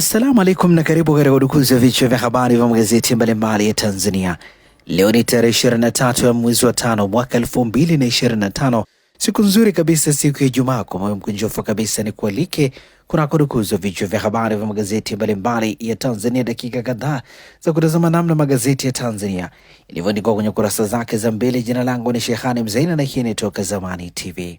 Assalamu alaikum na karibu katika udukuzi wa vichwa vya habari vya magazeti mbalimbali ya Tanzania. Leo ni tarehe 23 ya mwezi wa tano mwaka 2025, siku nzuri kabisa, siku ya Ijumaa. Kwa moyo mkunjofu kabisa ni kualike kuna kudukuzi wa vichwa vya habari vya magazeti mbalimbali ya Tanzania, dakika kadhaa za kutazama namna magazeti ya Tanzania ilivyoandikwa kwenye kurasa zake za mbele. Jina langu ni shehani Mzaina na hii ni Toka Zamani TV.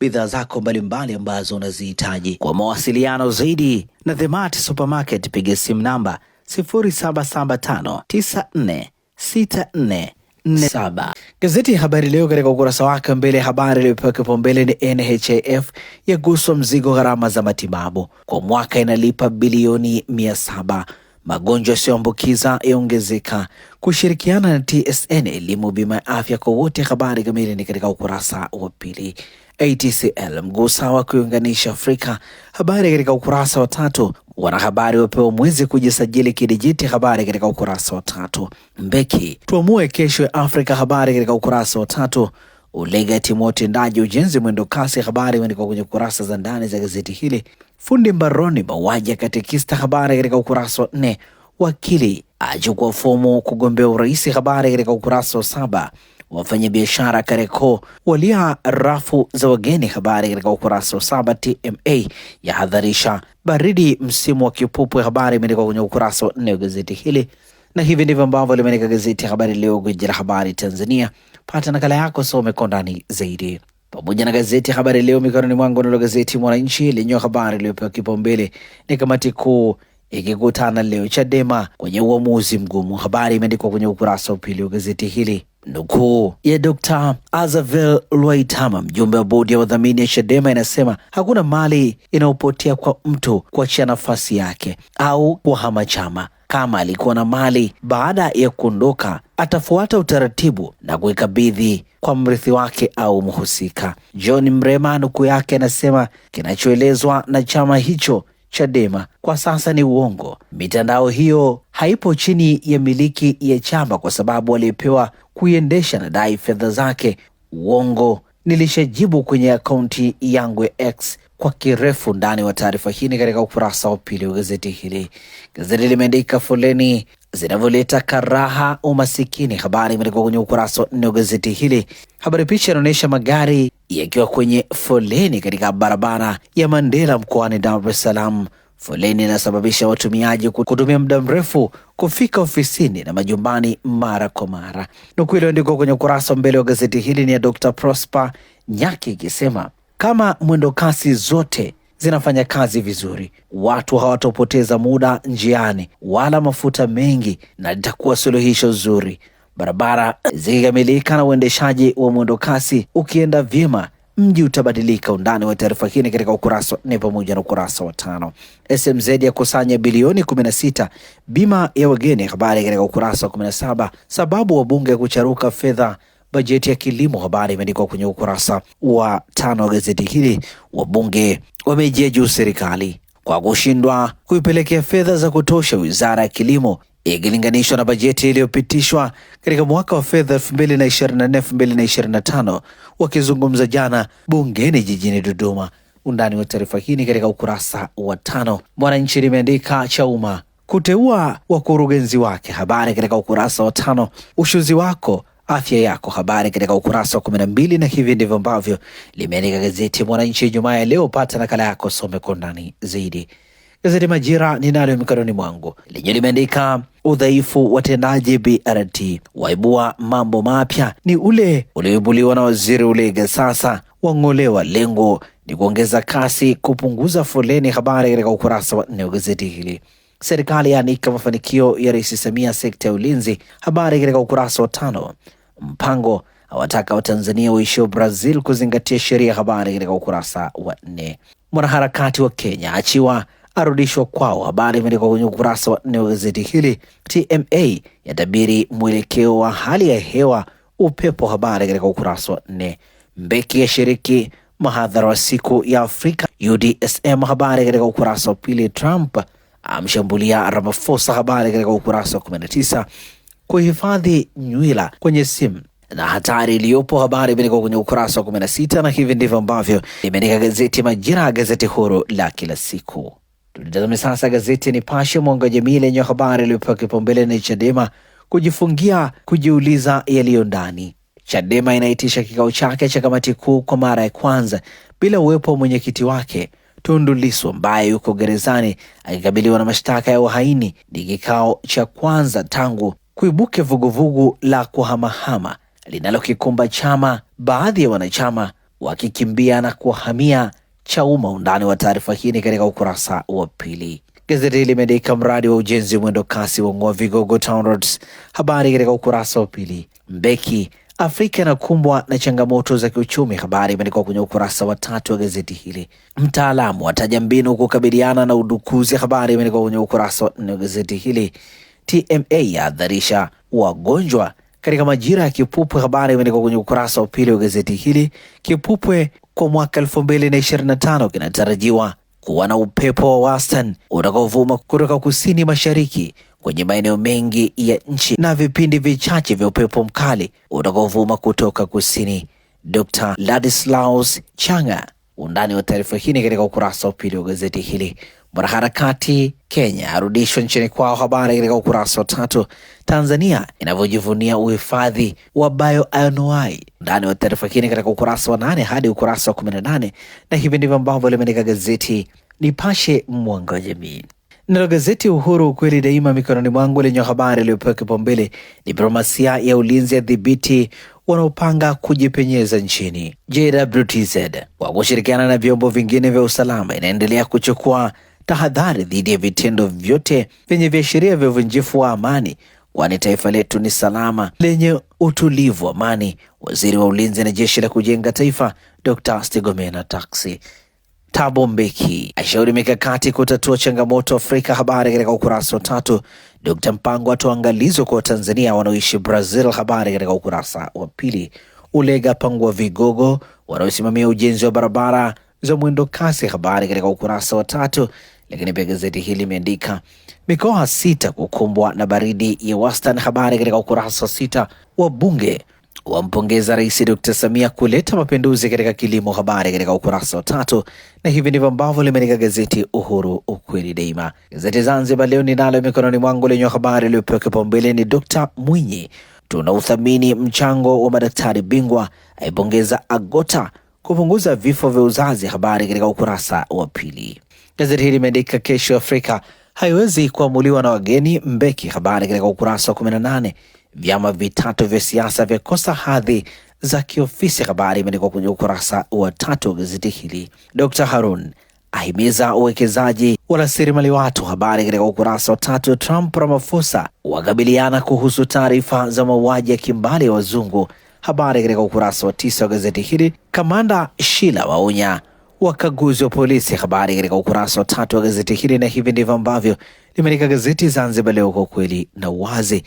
bidhaa zako mbalimbali ambazo unazihitaji. Kwa mawasiliano zaidi na The Mart Supermarket, piga simu namba 0775946447. Gazeti ya Habari Leo katika ukurasa wake mbele ya habari iliyopewa kipaumbele ni NHIF yaguswa mzigo gharama za matibabu, kwa mwaka inalipa bilioni mia saba magonjwa yasiyoambukiza yaongezeka. Kushirikiana na TSN elimu, bima ya afya kwa wote. Habari kamili ni katika ukurasa wa pili. ATCL mgusa wa kuiunganisha Afrika, habari katika ukurasa wa tatu. Wanahabari wapewa mwezi kujisajili kidijiti, habari katika ukurasa wa tatu. Mbeki tuamue kesho ya Afrika, habari katika ukurasa wa tatu. Ulega timu utendaji ujenzi mwendo kasi, habari imeandikwa kwenye kurasa za ndani za gazeti hili. Fundi mbaroni mauaji ya katekista, habari katika ukurasa wa nne. Wakili achukua fomu kugombea urais, habari katika ukurasa wa saba. Wafanyabiashara Kareko walia rafu za wageni, habari katika ukurasa wa saba. TMA yahadharisha baridi msimu wa kipupwe, habari imeandikwa kwenye ukurasa wa nne wa gazeti hili na hivi ndivyo ambavyo limeandika gazeti ya Habari Leo, gwiji la habari Tanzania. Pata nakala yako, some kwa zaidi pamoja na gazeti ya Habari Leo mikononi mwangu. Nalo gazeti Mwananchi lenye habari iliyopewa kipaumbele ni kamati kuu ikikutana leo Chadema kwenye uamuzi mgumu. Habari imeandikwa kwenye ukurasa wa pili wa gazeti hili. Nukuu ya Dr. Azavel Lwaitama, mjumbe wa bodi ya wadhamini ya Chadema, inasema hakuna mali inayopotea kwa mtu kuachia nafasi yake au kuhama chama kama alikuwa na mali baada ya kuondoka atafuata utaratibu na kuikabidhi kwa mrithi wake au mhusika. John Mrema nukuu yake anasema kinachoelezwa na chama hicho Chadema kwa sasa ni uongo. Mitandao hiyo haipo chini ya miliki ya chama kwa sababu aliyepewa kuiendesha na dai fedha zake. Uongo nilishajibu kwenye akaunti yangu ya X kwa kirefu ndani wa taarifa hii ni katika ukurasa wa pili wa gazeti hili. Gazeti limeandika foleni zinavyoleta karaha umasikini. Habari imeandikwa kwenye ukurasa wa nne wa gazeti hili. Habari picha inaonyesha magari yakiwa kwenye foleni katika barabara ya Mandela mkoani Dar es Salaam Foleni inasababisha watumiaji kutumia muda mrefu kufika ofisini na majumbani mara kwa mara. Nukuu iliyoandikwa kwenye ukurasa wa mbele wa gazeti hili ni ya Dr. Prosper Nyaki ikisema kama mwendokasi zote zinafanya kazi vizuri, watu hawatopoteza muda njiani wala mafuta mengi, na litakuwa suluhisho zuri. Barabara zikikamilika na uendeshaji wa mwendokasi ukienda vyema, mji utabadilika. Undani wa taarifa hii katika ukurasa wa nne pamoja na ukurasa wa tano. SMZ yakusanya bilioni 16 bima ya wageni, habari katika ukurasa wa 17. Sababu wabunge kucharuka fedha bajeti ya kilimo, habari imeandikwa kwenye ukurasa wa tano wa gazeti hili. Wabunge wamejia juu serikali kwa kushindwa kuipelekea fedha za kutosha wizara ya kilimo ikilinganishwa na bajeti iliyopitishwa katika mwaka wa fedha 2024-2025 wakizungumza jana bungeni jijini Dodoma. Undani wa taarifa hii ni katika ukurasa wa tano. Mwananchi limeandika Chauma kuteua wakurugenzi wake, habari katika ukurasa wa tano. Ushuzi wako afya yako, habari katika ukurasa wa kumi na mbili. Na hivi ndivyo ambavyo limeandika gazeti Mwananchi Ijumaa ya leo. Pata nakala yako, some kwa undani zaidi. Gazeti Majira ninalo mikononi mwangu lenye limeandika udhaifu watendaji BRT waibua mambo mapya ni ule ulioibuliwa na waziri Ulega, sasa wang'olewa. Lengo ni kuongeza kasi, kupunguza foleni. Habari katika ukurasa wa nne wa gazeti hili. Serikali yaanika mafanikio ya Rais Samia sekta ya ulinzi. Habari katika ukurasa wa tano. Mpango awataka Watanzania waishio Brazil kuzingatia sheria. Habari katika ukurasa wa nne. Mwanaharakati wa Kenya achiwa arudishwa kwao. Habari imeandikwa kwenye ukurasa wa nne wa gazeti hili. TMA yatabiri mwelekeo wa hali ya hewa upepo, habari katika ukurasa wa nne. Mbeki yashiriki mahadhara wa siku ya Afrika UDSM, habari katika ukurasa wa pili. Trump amshambulia Ramaphosa, habari katika ukurasa wa tisa. Kuhifadhi nywila kwenye simu na hatari iliyopo, habari imeandikwa kwenye ukurasa wa 16, na hivi ndivyo ambavyo imeandika gazeti Majira ya gazeti huru la kila siku. Tulitazame sasa gazeti ya Nipashe mwanga wa jamii lenye habari iliyopewa kipaumbele ni Chadema kujifungia kujiuliza yaliyo ndani. Chadema inaitisha kikao chake cha kamati kuu kwa mara ya kwanza bila uwepo wa mwenyekiti wake Tundu Lissu ambaye yuko gerezani akikabiliwa na mashtaka ya uhaini. Ni kikao cha kwanza tangu kuibuke vuguvugu la kuhamahama linalokikumba chama, baadhi ya wanachama wakikimbia na kuhamia cha umma. Undani wa taarifa hii ni katika ukurasa wa pili. Gazeti hili limeandika mradi wa ujenzi mwendo kasi wa ng'oa Vigogo Town Roads, habari katika ukurasa wa pili. Mbeki Afrika inakumbwa na changamoto za kiuchumi, habari imeandikwa kwenye ukurasa wa tatu wa gazeti hili. Mtaalamu ataja mbinu kukabiliana na udukuzi, habari imeandikwa kwenye ukurasa wa nne wa gazeti hili. TMA yaadharisha wagonjwa katika majira ya kipupwe, habari imeandikwa kwenye ukurasa wa pili wa gazeti hili. Kipupwe kwa mwaka tano kinatarajiwa kuwa na upepo wa wastani utakaovuma kutoka kusini mashariki kwenye maeneo mengi ya nchi na vipindi vichache vya upepo mkali utakaovuma kutoka kusini. Dr. Ladislaus Changa. Undani wa taarifa hii katika ukurasa wa pili wa gazeti hili. Mwanaharakati Kenya arudishwa nchini kwao. Habari katika ukurasa wa tatu. Tanzania inavyojivunia uhifadhi wa bioanuai ndani wa taarifa kini katika ukurasa wa nane hadi ukurasa wa kumi na nane na hivi ndivyo ambavyo limeandika gazeti Nipashe Mwanga wa Jamii. Nalo gazeti Uhuru ukweli daima mikononi mwangu lenye habari iliyopewa kipaumbele, diplomasia ya ulinzi ya dhibiti wanaopanga kujipenyeza nchini. JWTZ kwa kushirikiana na vyombo vingine vya usalama inaendelea kuchukua tahadhari dhidi ya vitendo vyote vyenye viashiria vya uvunjifu wa amani, kwani taifa letu ni salama lenye utulivu wa amani. Waziri wa Ulinzi na Jeshi la Kujenga Taifa Dr. Stigomena Tax Tabo Mbeki ashauri mikakati kutatua changamoto Afrika. Habari katika ukurasa wa tatu. Dr. Mpango atoa angalizo kwa Watanzania wanaoishi Brazil. Habari katika ukurasa wa pili. Ulega pangua vigogo wanaosimamia ujenzi wa barabara za mwendo kasi. Habari katika ukurasa wa tatu. Lakini pia gazeti hili limeandika mikoa sita kukumbwa na baridi ya wastani. Habari katika ukurasa sita wa bunge wampongeza Rais d Samia kuleta mapinduzi katika kilimo. Habari katika ukurasa wa tatu, na hivi ndivyo ambavyo limeandika gazeti Uhuru, ukweli daima. Gazeti Zanzibar Leo ninalo mikononi mwangu lenye habari iliyopewa kipaumbele ni d Mwinyi, tunauthamini mchango wa madaktari bingwa, aipongeza Agota kupunguza vifo vya uzazi. Habari katika ukurasa wa pili. Gazeti hili limeandika kesho Afrika haiwezi kuamuliwa na wageni Mbeki, habari katika ukurasa wa 18. Vyama vitatu vya siasa vyakosa hadhi za kiofisi, habari imeandikwa kwenye ukurasa wa tatu wa gazeti hili. Dr Harun ahimiza uwekezaji wa rasilimali watu, habari katika ukurasa wa tatu. Trump ramafosa wakabiliana kuhusu taarifa za mauaji ya kimbali ya wazungu, habari katika ukurasa wa tisa wa gazeti hili. Kamanda Shila waonya wakaguzi wa polisi. Habari katika ukurasa wa tatu wa gazeti hili, na hivi ndivyo ambavyo limeandika gazeti Zanzibar Leo, kwa ukweli na uwazi.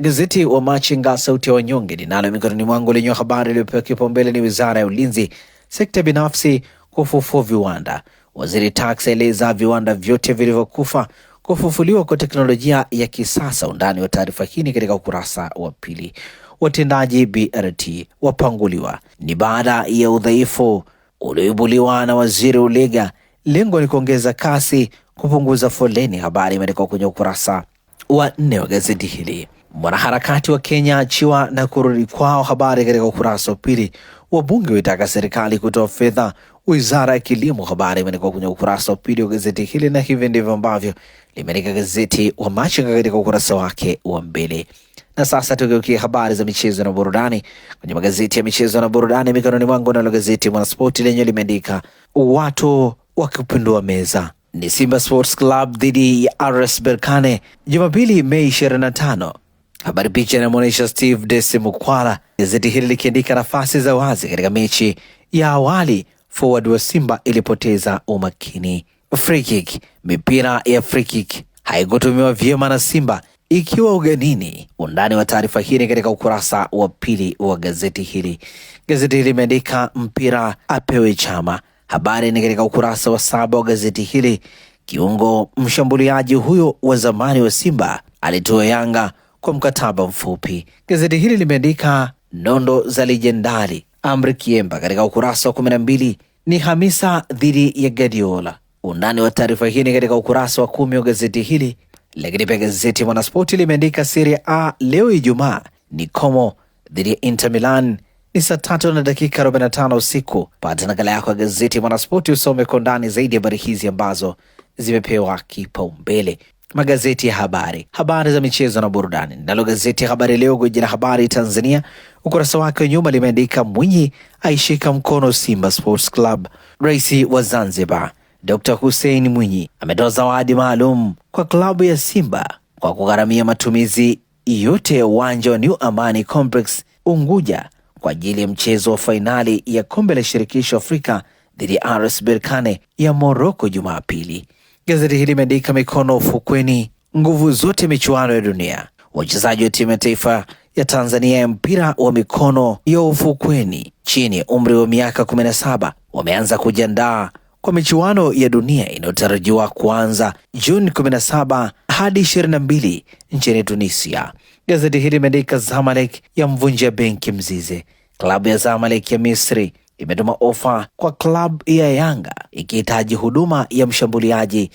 Gazeti wa Machinga, sauti ya wa wanyonge, ninalo mikononi mwangu lenye habari iliyopewa kipaumbele ni wizara ya ulinzi, sekta binafsi kufufua viwanda. Waziri Tax aeleza viwanda vyote vilivyokufa kufufuliwa kwa teknolojia ya kisasa. Undani wa taarifa hii ni katika ukurasa wa pili. Watendaji BRT wapanguliwa ni baada ya udhaifu ulioibuliwa na waziri Ulega. Lengo ni kuongeza kasi, kupunguza foleni. Habari imeandikwa kwenye ukurasa wa nne wa gazeti hili. Mwanaharakati wa Kenya achiwa na kurudi kwao, habari katika ukurasa wa pili. Wabunge waitaka serikali kutoa fedha wizara ya kilimo, habari imeandikwa kwenye ukurasa wa pili wa gazeti hili, na hivi ndivyo ambavyo limeandika gazeti wa Machinga katika ukurasa wake wa mbele. Na sasa tugeukie habari za michezo na burudani kwenye magazeti ya michezo na burudani mikononi mwangu, nalo gazeti Mwanaspoti lenye limeandika watu wakipindua meza ni Simba Sports Club dhidi ya RS Berkane Jumapili, Mei 25. Habari picha inamwonyesha Steve Dese Mukwala, gazeti hili likiandika nafasi za wazi katika mechi ya awali, forward wa Simba ilipoteza umakini. Free kick, mipira ya free kick haikutumiwa vyema na Simba ikiwa ugenini. Undani wa taarifa hii ni katika ukurasa wa pili wa gazeti hili. Gazeti hili limeandika mpira apewe Chama, habari ni katika ukurasa wa saba wa gazeti hili. Kiungo mshambuliaji huyo wa zamani wa Simba alitoa Yanga kwa mkataba mfupi. Gazeti hili limeandika nondo za lijendari Amri Kiemba katika ukurasa wa kumi na mbili ni Hamisa dhidi ya Guardiola. Undani wa taarifa hii ni katika ukurasa wa kumi wa gazeti hili lakini pia gazeti ya Mwanaspoti limeandika Serie A leo Ijumaa ni Como dhidi ya Inter Milan ni saa tatu na dakika 45 usiku. Pata nakala yako ya gazeti ya Mwanaspoti usome kwa ndani zaidi ya habari hizi ambazo zimepewa kipaumbele. Magazeti ya habari, habari za michezo na burudani. Nalo gazeti ya Habari Leo, gwiji la habari Tanzania, ukurasa wake wa nyuma limeandika Mwinyi aishika mkono Simba Sports Club, rais wa Zanzibar dr Hussein Mwinyi ametoa zawadi maalum kwa klabu ya Simba kwa kugharamia matumizi yote ya uwanja wa New Amani Complex Unguja kwa ajili ya mchezo wa fainali ya kombe la shirikisho Afrika dhidi ya RS Berkane ya Moroko Jumapili. Gazeti hili limeandika mikono ufukweni, nguvu zote michuano ya dunia. Wachezaji wa timu ya taifa ya Tanzania ya mpira wa mikono ya ufukweni chini ya umri wa miaka 17 wameanza kujiandaa kwa michuano ya dunia inayotarajiwa kuanza Juni 17 hadi 22 nchini Tunisia. Gazeti hili limeandika Zamalek ya mvunjia benki mzize. Klabu ya Zamalek ya Misri imetuma ofa kwa klabu ya Yanga ikihitaji huduma ya mshambuliaji